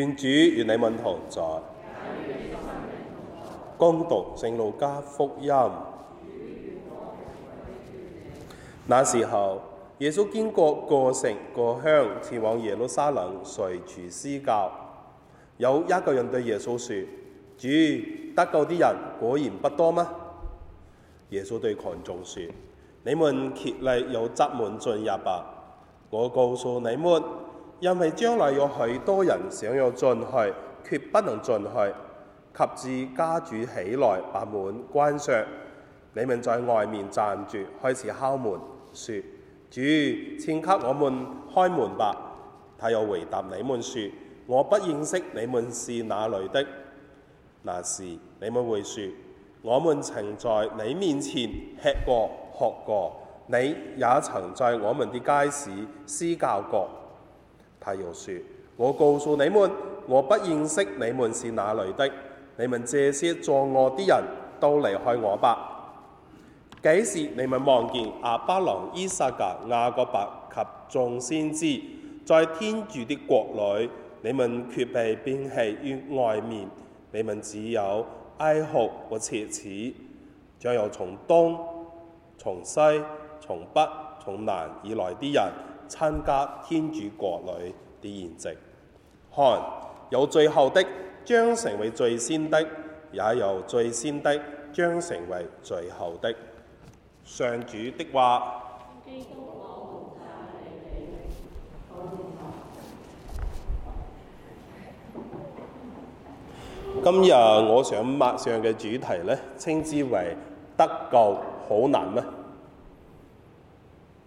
願主與你們同在，恭讀聖路加福音。那時候，耶穌經過各城各鄉，前往耶路撒冷隨處施教。有一個人對耶穌說：主，得救的人果然不多嗎？耶穌對群眾說：你們竭力由窄門進入吧！我告訴你們。因為將來有許多人想要進去，卻不能進去，及至家主起來，把門關上。你們在外面站住，開始敲門，説：主，請給我們開門吧。他又回答你們説：我不認識你們是哪裏的。那時你們會説：我們曾在你面前吃過、喝過，你也曾在我們的街市私教過。他又説：我告訴你們，我不認識你們是哪裏的，你們這些作惡的人都離開我吧。幾時你們望見阿巴郎、伊撒格、亞各伯及眾先知在天主的國裏？你們卻被擯棄於外面，你們只有哀哭和切齒。將有從東、從西、從北、從南而來啲人。參加天主國裏的筵席，看有最後的將成為最先的，也有最先的將成為最後的。上主的話。今日我想擘上嘅主題咧，稱之為得救好難嗎？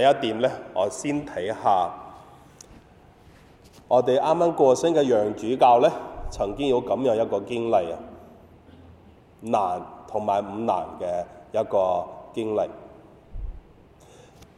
第一點呢，我先睇下我哋啱啱過身嘅楊主教呢，曾經有咁樣一個經歷啊，難同埋唔難嘅一個經歷。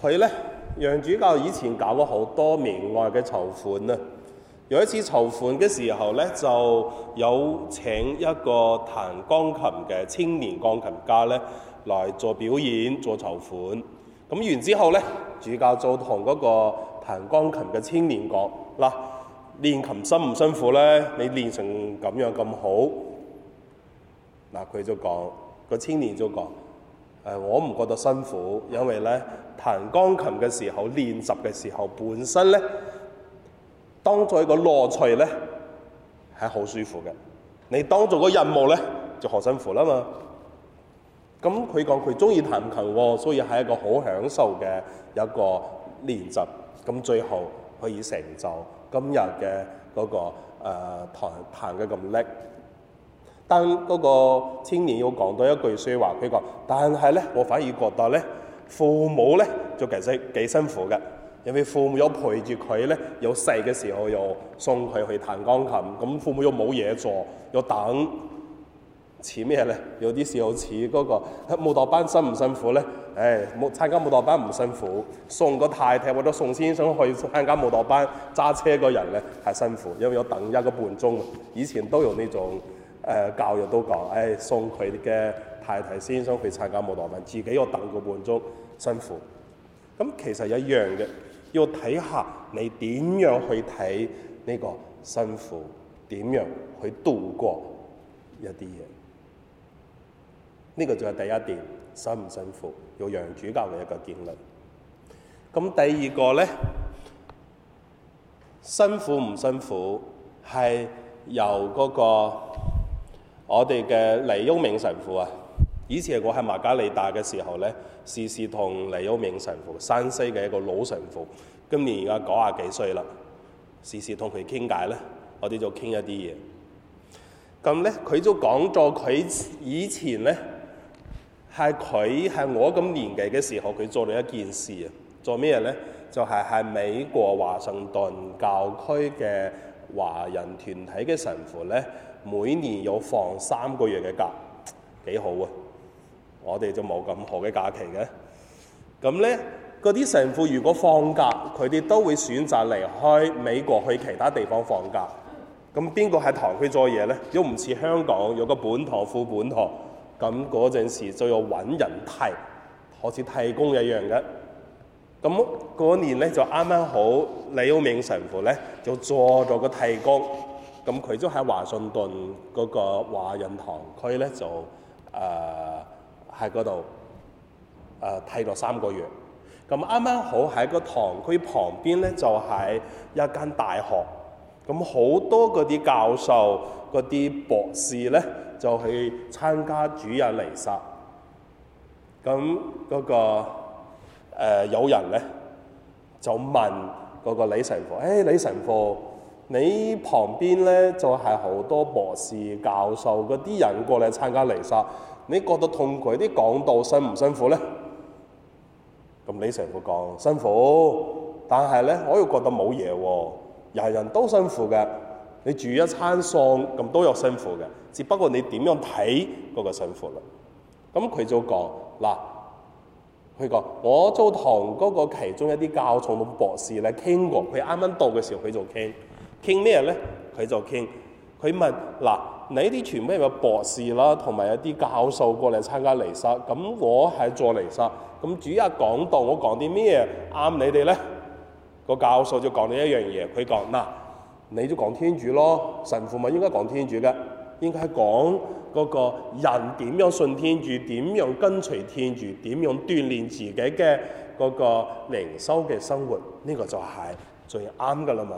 佢呢，楊主教以前搞過好多明愛嘅籌款啊。有一次籌款嘅時候呢，就有請一個彈鋼琴嘅青年鋼琴家呢，來做表演做籌款。咁完之後咧，主教就同嗰個彈鋼琴嘅青年講：嗱、啊，練琴辛唔辛苦咧？你練成咁樣咁好，嗱、啊、佢就講，個青年就講、啊：我唔覺得辛苦，因為咧彈鋼琴嘅時候，練習嘅時候，本身咧當做一個樂趣咧，係好舒服嘅，你當做個任務咧就好辛苦啦嘛。咁佢講佢中意彈琴喎、哦，所以係一個好享受嘅一個練習。咁最後可以成就今日嘅嗰個誒彈彈得咁叻。但嗰個青年要講到一句説話，佢講：但係咧，我反而覺得咧，父母咧就其實幾辛苦嘅，因為父母要陪住佢咧，有細嘅時候又送佢去彈鋼琴，咁父母又冇嘢做，又等。似咩咧？有啲事好似嗰個舞蹈班辛唔辛苦咧？誒、哎，冇參加舞蹈班唔辛苦，送個太太或者送先生去參加舞蹈班揸車嗰人咧係辛苦，因為要等一個半鐘。以前都有呢種誒、呃、教育都講，誒、哎、送佢嘅太太先生去參加舞蹈班，自己要等個半鐘辛苦。咁其實一樣嘅，要睇下你點樣去睇呢個辛苦，點樣去度過一啲嘢。呢個就係第一點，辛唔辛苦，要楊主教嘅一個見證。咁第二個咧，辛苦唔辛苦，係由嗰、那個我哋嘅黎旭明神父啊。以前我喺馬加利大嘅時候咧，時時同黎旭明神父山西嘅一個老神父，今年而家九廿幾歲啦，時時同佢傾偈咧，我哋就傾一啲嘢。咁咧，佢都講咗佢以前咧。係佢係我咁年紀嘅時候，佢做咗一件事啊！做咩呢？就係喺美國華盛頓教區嘅華人團體嘅神父呢，每年有放三個月嘅假，幾好啊！我哋就冇咁好嘅假期嘅。咁呢嗰啲神父如果放假，佢哋都會選擇離開美國去其他地方放假。咁邊個喺堂區做嘢呢？又唔似香港有個本堂副本堂。咁嗰陣時就要揾人替，好似替工一樣嘅。咁嗰年咧就啱啱好，李奧明神父咧就做咗個替工。咁佢都喺華盛頓嗰個華人堂區咧就誒喺嗰度誒替咗三個月。咁啱啱好喺個堂區旁邊咧就係一間大學。咁好多嗰啲教授、嗰啲博士咧，就去參加主日彌撒，咁嗰、那個、呃、有人咧就問嗰個李神父：誒、哎、李神父，你旁邊咧就係、是、好多博士教授嗰啲人過嚟參加彌撒，你覺得同佢哋講道辛唔辛苦咧？咁李神父講：辛苦，但係咧我又覺得冇嘢喎，人人都辛苦嘅。你煮一餐餸咁都有辛苦嘅，只不過你點樣睇嗰個辛苦啦？咁佢就講嗱，佢講我做堂嗰個其中一啲教重度博士咧，傾過佢啱啱到嘅時候，佢就傾傾咩咧？佢就傾佢問嗱，你啲全部係咪博士啦，同埋有啲教授過嚟參加彌撒，咁我係做彌撒，咁主日講道我講啲咩啱你哋咧？嗰個教授就講咗一樣嘢，佢講嗱。你都講天主咯，神父咪應該講天主嘅，應該係講嗰個人點樣信天主，點樣跟隨天主，點樣鍛煉自己嘅嗰個靈修嘅生活，呢個就係最啱噶啦嘛。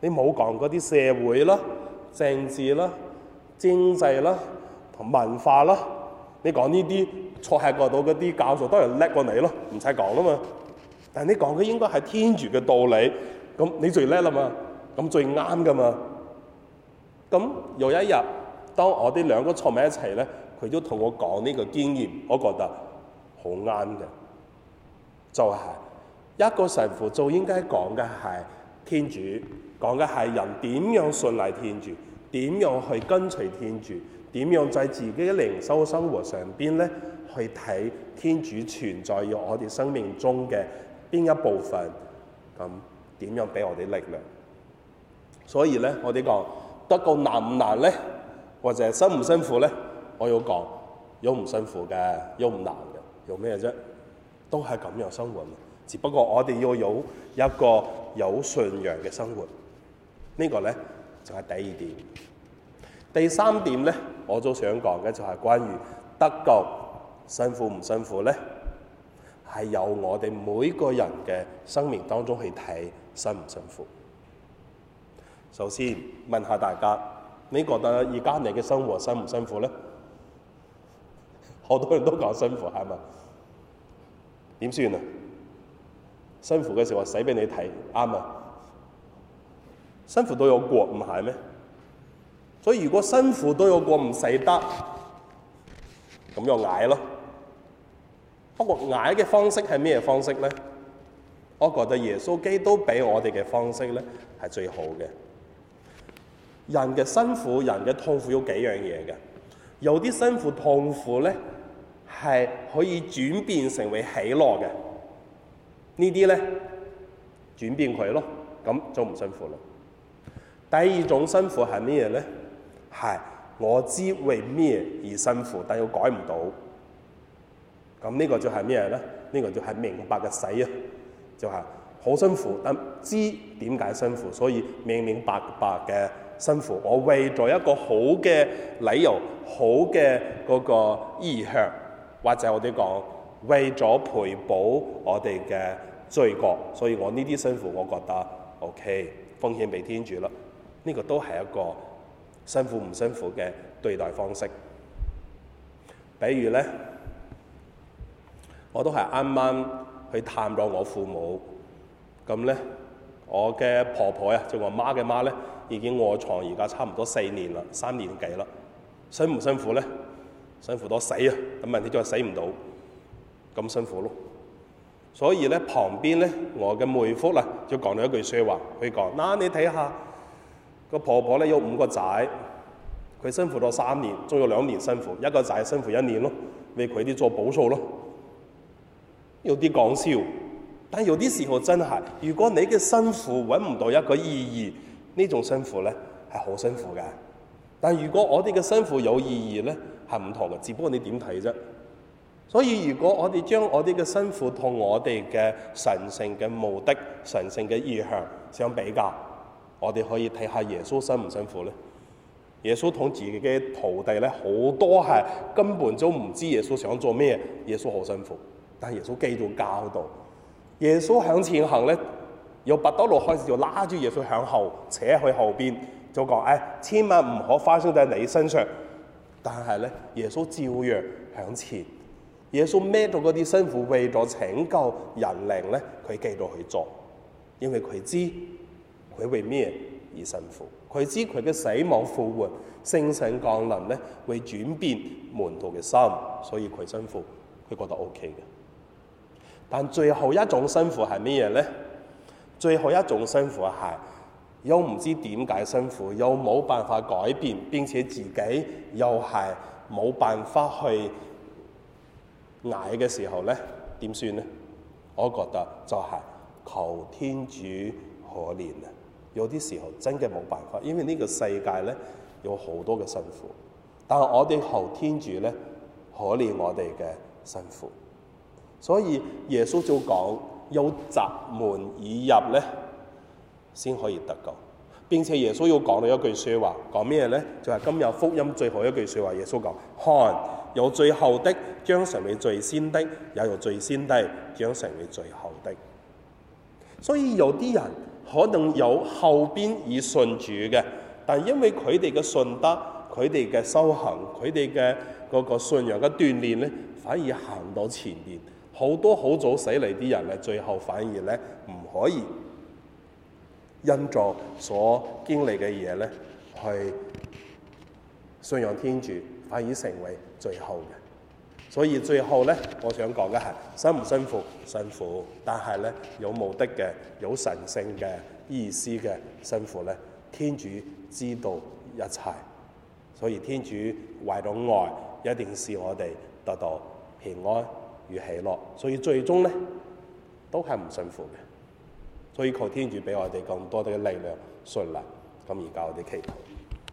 你冇講嗰啲社會啦、政治啦、經濟啦同文化啦，你講呢啲錯吃過到嗰啲教授都係叻過你咯，唔使講啦嘛。但你講嘅應該係天主嘅道理，咁你最叻啦嘛。咁最啱㗎嘛？咁有一日，當我哋兩個坐埋一齊咧，佢都同我講呢個經驗，我覺得好啱嘅。就係一個神父就應該講嘅係天主，講嘅係人點樣信賴天主，點樣去跟隨天主，點樣在自己嘅靈修生活上邊咧，去睇天主存在於我哋生命中嘅邊一部分，咁點樣俾我哋力量。所以咧，我哋講得救難唔難咧，或者係辛唔辛苦咧？我要講，有唔辛苦嘅，有唔難嘅，有咩啫？都係咁樣生活，只不過我哋要有一個有信仰嘅生活。呢個咧就係第二點。第三點咧，我都想講嘅就係關於得救辛苦唔辛苦咧，係由我哋每個人嘅生命當中去睇辛唔辛苦。首先問下大家，你覺得而家你嘅生活辛唔辛苦咧？好多人都講辛苦，係嘛？點算啊？辛苦嘅時候死俾你睇，啱啊！辛苦都有過唔係咩？所以如果辛苦都有過唔死得，咁就捱咯。不過捱嘅方式係咩方式咧？我覺得耶穌基督俾我哋嘅方式咧係最好嘅。人嘅辛苦、人嘅痛苦有幾樣嘢嘅，有啲辛苦痛苦咧係可以轉變成為喜樂嘅。這些呢啲咧轉變佢咯，咁就唔辛苦啦。第二種辛苦係咩嘢咧？係我知為咩而辛苦，但又改唔到。咁呢個就係咩咧？呢、這個就係明白嘅死啊！就係、是、好辛苦，但知點解辛苦，所以明明白白嘅。辛苦，我為咗一個好嘅理由，好嘅嗰個意向，或者我哋講為咗賠補我哋嘅罪過，所以我呢啲辛苦，我覺得 OK，奉獻俾天主啦。呢個都係一個辛苦唔辛苦嘅對待方式。比如呢，我都係啱啱去探咗我父母，咁呢。我嘅婆婆啊，即我媽嘅媽咧，已經卧床而家差唔多四年啦，三年幾啦，辛唔辛苦咧？辛苦到死啊！咁人哋都係死唔到，咁辛苦咯。所以咧，旁邊咧，我嘅妹夫啦，就講咗一句説話，佢講，嗱，你睇下個婆婆咧，有五個仔，佢辛苦咗三年，仲有兩年辛苦，一個仔辛苦一年咯，為佢啲做補數咯，有啲講笑。但有啲時候真係，如果你嘅辛苦搵唔到一個意義，種呢種辛苦咧係好辛苦嘅。但如果我哋嘅辛苦有意義咧，係唔同嘅。只不過你點睇啫。所以如果我哋將我哋嘅辛苦同我哋嘅神聖嘅目的、神聖嘅意向相比較，我哋可以睇下耶穌辛唔辛苦咧。耶穌同自己嘅徒弟咧好多係根本就唔知耶穌想做咩，耶穌好辛苦，但耶穌繼續教導。耶穌向前行咧，由伯多祿開始就拉住耶穌向後扯去後邊，就講：誒、哎，千萬唔可發生在你身上。但係咧，耶穌照樣向前。耶穌孭到嗰啲辛苦，為咗拯救人靈咧，佢繼續去做，因為佢知佢為咩而辛苦。佢知佢嘅死亡復活、聖神降臨咧，會轉變門徒嘅心，所以佢辛苦，佢覺得 OK 嘅。但最後一種辛苦係咩嘢呢？最後一種辛苦係又唔知點解辛苦，又冇辦法改變，並且自己又係冇辦法去捱嘅時候呢，點算呢？我覺得就係求天主可憐啊！有啲時候真嘅冇辦法，因為呢個世界呢有好多嘅辛苦，但係我哋求天主呢，可憐我哋嘅辛苦。所以耶穌就講：有窄門已入咧，先可以得救。並且耶穌又講到一句説話，講咩咧？就係、是、今日福音最後一句説話。耶穌講：看，有最後的將成為最先的，也有，有最先的將成為最後的。所以有啲人可能有後邊以信主嘅，但因為佢哋嘅信德、佢哋嘅修行、佢哋嘅嗰個信仰嘅鍛鍊咧，反而行到前面。好多好早死嚟啲人咧，最後反而咧唔可以因作所經歷嘅嘢咧，去信仰天主，反而成為最後嘅。所以最後咧，我想講嘅係辛唔辛苦，辛苦，但係咧有目的嘅、有神聖嘅意思嘅辛苦咧，天主知道一切，所以天主為到愛，一定是我哋得到平安。與喜樂，所以最終呢，都係唔辛苦嘅，所以求天主俾我哋更多啲力量、信力，咁而家我哋祈禱。